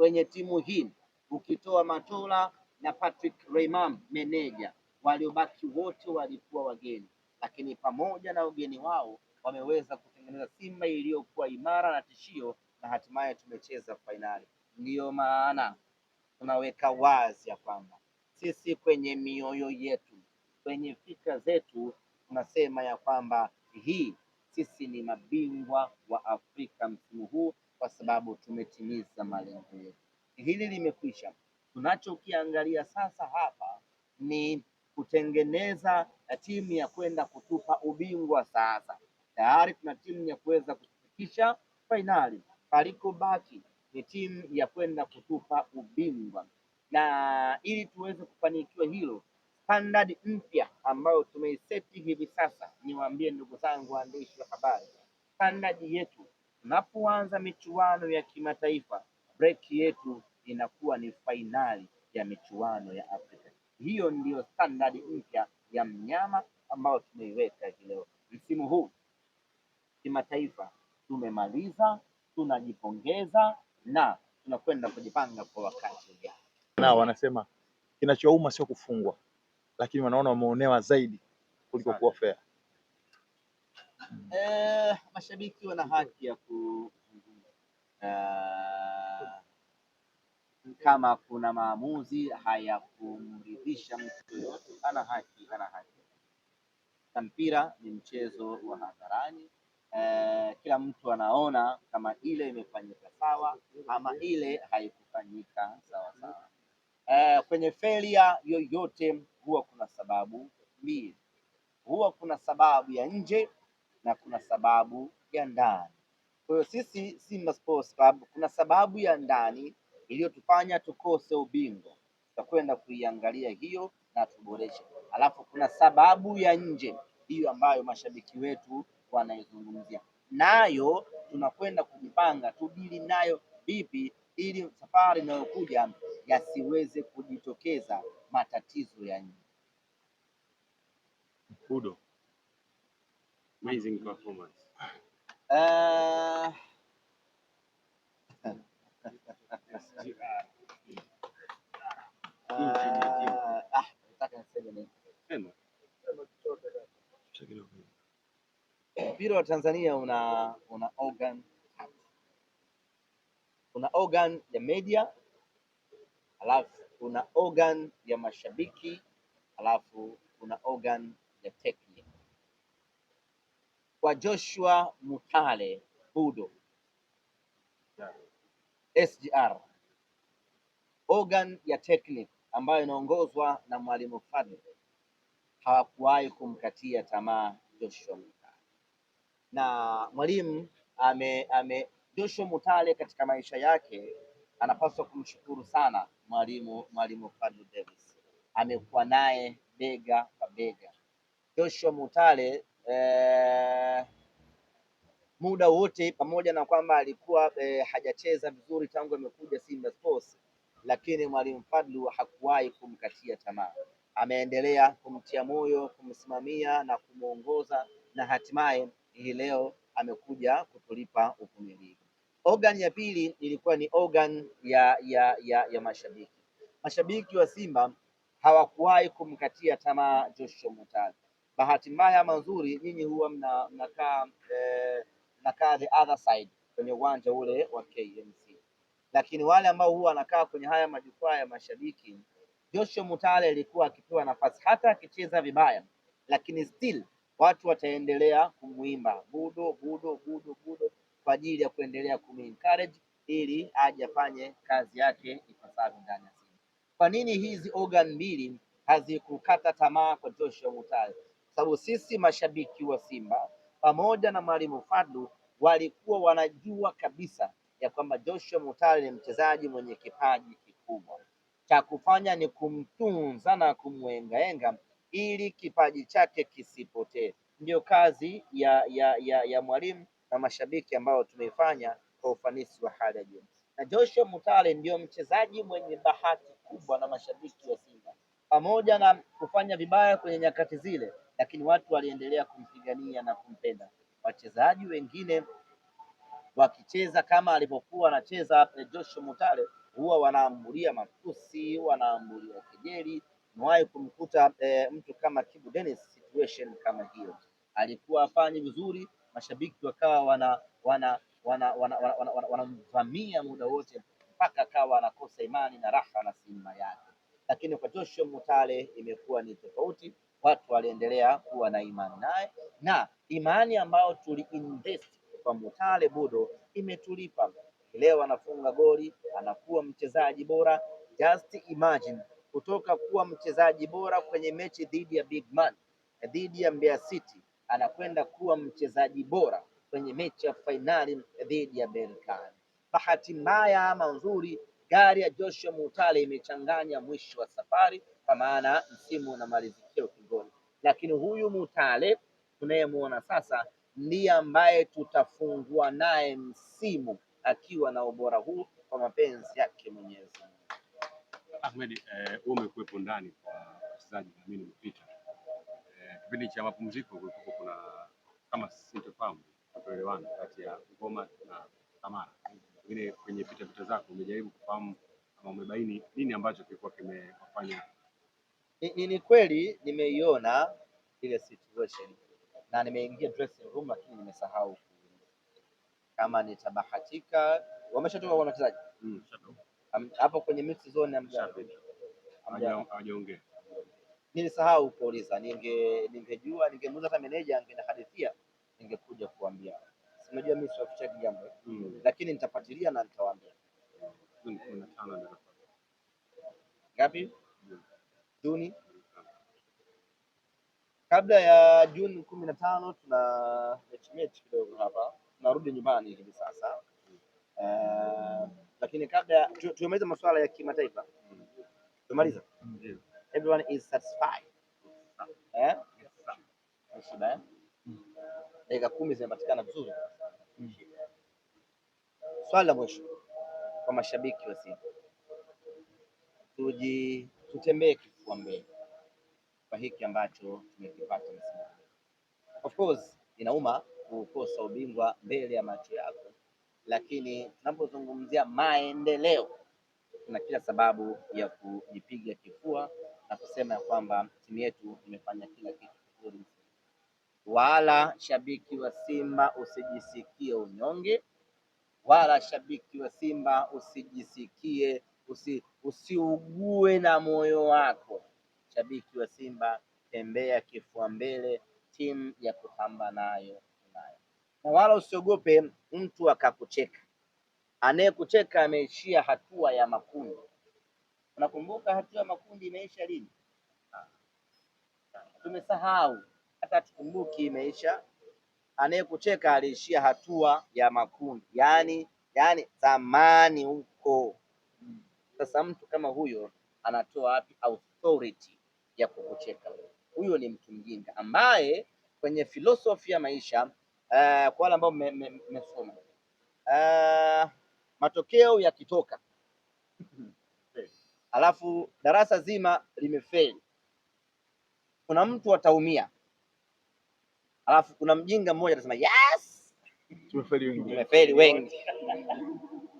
kwenye timu hii ukitoa Matola na Patrick Raymond meneja, waliobaki wote walikuwa wageni, lakini pamoja na ugeni wao wameweza kutengeneza Simba iliyokuwa imara na tishio, na hatimaye tumecheza fainali. Ndiyo maana tunaweka wazi ya kwamba sisi kwenye mioyo yetu, kwenye fikra zetu tunasema ya kwamba hii sisi ni mabingwa wa Afrika msimu huu kwa sababu tumetimiza malengo yetu. Hili limekwisha. Tunachokiangalia sasa hapa ni kutengeneza timu ya kwenda kutupa ubingwa. Sasa tayari tuna timu ya kuweza kufikisha fainali, palikobaki ni timu ya kwenda kutupa ubingwa, na ili tuweze kufanikiwa hilo, standard mpya ambayo tumeiseti hivi sasa, niwaambie ndugu zangu waandishi wa habari, standard yetu Tunapoanza michuano ya kimataifa, breki yetu inakuwa ni fainali ya michuano ya Afrika. Hiyo ndiyo standard mpya ya mnyama ambayo tumeiweka hivi leo. Msimu huu kimataifa tumemaliza, tunajipongeza na tunakwenda kujipanga kwa wakati ujao. Na wanasema kinachouma sio kufungwa, lakini wanaona wameonewa zaidi kuliko kuwa fair eh, mashabiki wana haki ya ku eh, kama kuna maamuzi hayakumridhisha mtu yoyote, ana haki, ana haki. mpira ni mchezo wa hadharani. Eh, kila mtu anaona kama ile imefanyika sawa ama ile haikufanyika sawa sawa. Eh, kwenye failure yoyote huwa kuna sababu mbili, huwa kuna sababu ya nje na kuna sababu ya ndani. Kwa hiyo sisi Simba Sports Club kuna sababu ya ndani iliyotufanya tukose ubingwa, tutakwenda kuiangalia hiyo na tuboreshe. Alafu kuna sababu ya nje hiyo ambayo mashabiki wetu wanaizungumzia, nayo tunakwenda kujipanga tudili nayo vipi, ili safari inayokuja yasiweze kujitokeza matatizo ya nje. Udo. Amazing performance. Uh, mpira wa Tanzania una una organ una organ ya media, alafu kuna organ ya mashabiki, alafu kuna organ kwa Joshua Mutale Budo SGR, organ ya technique ambayo inaongozwa na Mwalimu Fadhi hawakuwahi kumkatia tamaa Joshua Mutale na mwalimu ame, ame Joshua Mutale katika maisha yake anapaswa kumshukuru sana mwalimu mwalimu Fadhi Davis, amekuwa naye bega kwa bega. Joshua Mutale eh, muda wote, pamoja na kwamba alikuwa eh, hajacheza vizuri tangu amekuja Simba Sports, lakini mwalimu Fadlu hakuwahi kumkatia tamaa, ameendelea kumtia moyo, kumsimamia na kumwongoza na hatimaye hii leo amekuja kutulipa uvumilivu. Organ ya pili ilikuwa ni organ ya, ya, ya, ya mashabiki. Mashabiki wa Simba hawakuwahi kumkatia tamaa Joshua Mutale bahati mbaya ama nzuri, nyinyi huwa mnakaa mnakaa eh, the other side kwenye uwanja ule wa KMC, lakini wale ambao huwa wanakaa kwenye haya majukwaa ya mashabiki, Joshua Mutale alikuwa akipewa nafasi hata akicheza vibaya, lakini still watu wataendelea kumwimba budo budo budo budo kwa ajili ya kuendelea kumencourage ili aje afanye kazi yake ipasavyo ndani ya Simba. Kwa nini hizi organ mbili hazikukata tamaa kwa Joshua Mutale? sababu sisi mashabiki wa Simba pamoja na mwalimu Fadlu walikuwa wanajua kabisa ya kwamba Joshua Mutale ni mchezaji mwenye kipaji kikubwa, cha kufanya ni kumtunza na kumwengaenga ili kipaji chake kisipotee. Ndiyo kazi ya, ya, ya, ya mwalimu na mashabiki ambao tumeifanya kwa ufanisi wa hali ya juu, na Joshua Mutale ndiyo mchezaji mwenye bahati kubwa na mashabiki wa Simba pamoja na kufanya vibaya kwenye nyakati zile lakini watu waliendelea kumpigania na kumpenda. Wachezaji wengine wakicheza kama alivyokuwa anacheza Joshua Mutale, huwa wanaambulia matusi, wanaambulia kejeli. Niwahi kumkuta e, mtu kama Kibu Dennis, situation kama hiyo, alikuwa afanye vizuri, mashabiki wakawa wana wana wanamvamia wana, wana, wana, wana muda wote mpaka akawa anakosa imani na raha na simba yake, lakini kwa Joshua Mutale imekuwa ni tofauti watu waliendelea kuwa na imani naye, na imani ambayo tuliinvest kwa Mutale Budo imetulipa leo, anafunga goli, anakuwa mchezaji bora. Just imagine kutoka kuwa mchezaji bora kwenye mechi dhidi ya Big Man, dhidi ya Mbeya City, anakwenda kuwa mchezaji bora kwenye mechi ya fainali dhidi ya Berkane. Bahati mbaya ama nzuri, gari ya Joshua Mutale imechanganya mwisho wa safari, kwa maana msimu unamalizikia lakini huyu Mutale tunayemwona sasa ndiye ambaye tutafungua naye msimu akiwa na ubora huu kwa mapenzi yake Mwenyezi Mungu. Ahmed, eh, umekuwepo ndani kwa wachezaji mimi umepita eh, kipindi cha mapumziko, kulikuwa kuna kama sintofahamu kutoelewana kati ya Ngoma na Kamara. Pengine kwenye pitapita zako umejaribu kufahamu ama umebaini nini ambacho kilikuwa kimewafanya ni kweli nimeiona ile situation na nimeingia dressing room, lakini nimesahau kama nitabahatika. Wameshatoka kwa wachezaji mm. hapo kwenye mixed zone, hawajaongea. Nilisahau kuuliza, ninge ningejua ningemuuliza hata meneja angenihadithia, ningekuja kuambia. Unajua mimi sio kucheki jambo mm, lakini nitafuatilia na nitawaambia ngapi Juni kabla ya Juni kumi na tano tuna mechi mechi kidogo hapa, tunarudi nyumbani hivi sasa uh, lakini kabla tumemaliza masuala ya kimataifa tumemaliza, everyone is satisfied eh? eh, dakika kumi zimepatikana vizuri. Swali la mwisho kwa mashabiki wa Simba, tuji tutembee Gombe kwa hiki ambacho tumekipata msimu. Of course inauma kukosa ubingwa mbele ya macho yako, lakini tunapozungumzia maendeleo kuna kila sababu ya kujipiga kifua na kusema ya kwamba timu yetu imefanya kila kitu kizuri. Wala shabiki wa Simba usijisikie unyonge, wala shabiki wa Simba usijisikie usi, usiugue na moyo wako. Shabiki wa Simba, tembea kifua mbele, timu ya kupambanayo nayo, na wala usiogope mtu akakucheka. Anayekucheka ameishia hatua ya makundi. Unakumbuka hatua ya makundi imeisha lini? Ah, tumesahau hata tukumbuki imeisha. Anayekucheka aliishia hatua ya makundi, yaani yaani zamani huko. Sasa mtu kama huyo anatoa wapi authority ya kukucheka? Huyo ni mtu mjinga ambaye kwenye filosofi ya maisha uh, kwa wale ambao mmesoma uh, eh, matokeo yakitoka alafu darasa zima limefeli, kuna mtu ataumia, alafu kuna mjinga mmoja atasema yes, tumefeli wengi, tumefeli wengi,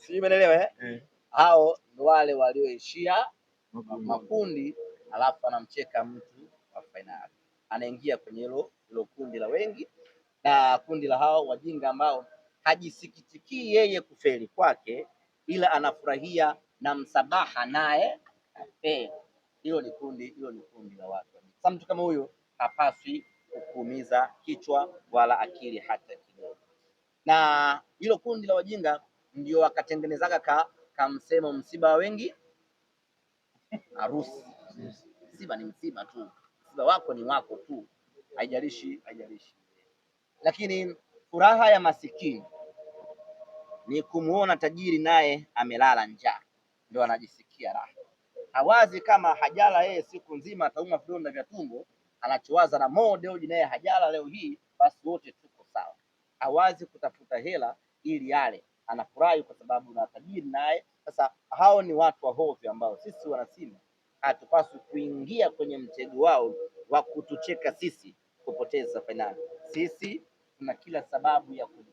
sijui umeelewa eh? eh. hao wale walioishia makundi, alafu anamcheka mtu wa fainali, anaingia kwenye hilo hilo kundi la wengi na kundi la hao wajinga ambao hajisikitikii yeye kufeli kwake, ila anafurahia na msabaha naye afeli. Hilo ni kundi hilo ni kundi la watu. Sasa mtu kama huyo hapaswi kukuumiza kichwa wala akili hata kidogo. Na hilo kundi la wajinga ndio wakatengenezaga ka kamsemo msiba wengi harusi. Msiba ni msiba tu, msiba wako ni wako tu, haijalishi haijalishi. Lakini furaha ya masikini ni kumuona tajiri naye amelala njaa, ndio anajisikia raha. Hawazi kama hajala yeye siku nzima atauma vidonda vya tumbo, anachowaza na modeoji naye hajala leo hii, basi wote tuko sawa. Hawazi kutafuta hela ili yale anafurahi kwa sababu na tajiri naye. Sasa hao ni watu wahovyo ambao sisi wanasimba hatupaswi kuingia kwenye mtego wao wa kutucheka sisi kupoteza fainali. Sisi tuna kila sababu ya ku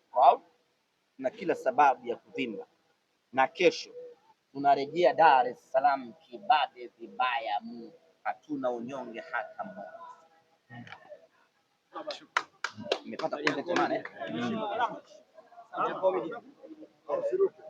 tuna kila sababu ya kuvimba, na kesho tunarejea Dar es Salaam kibabe vibaya mu, hatuna unyonge hata mmoja. Nimepata kunde jamani. Absolutely.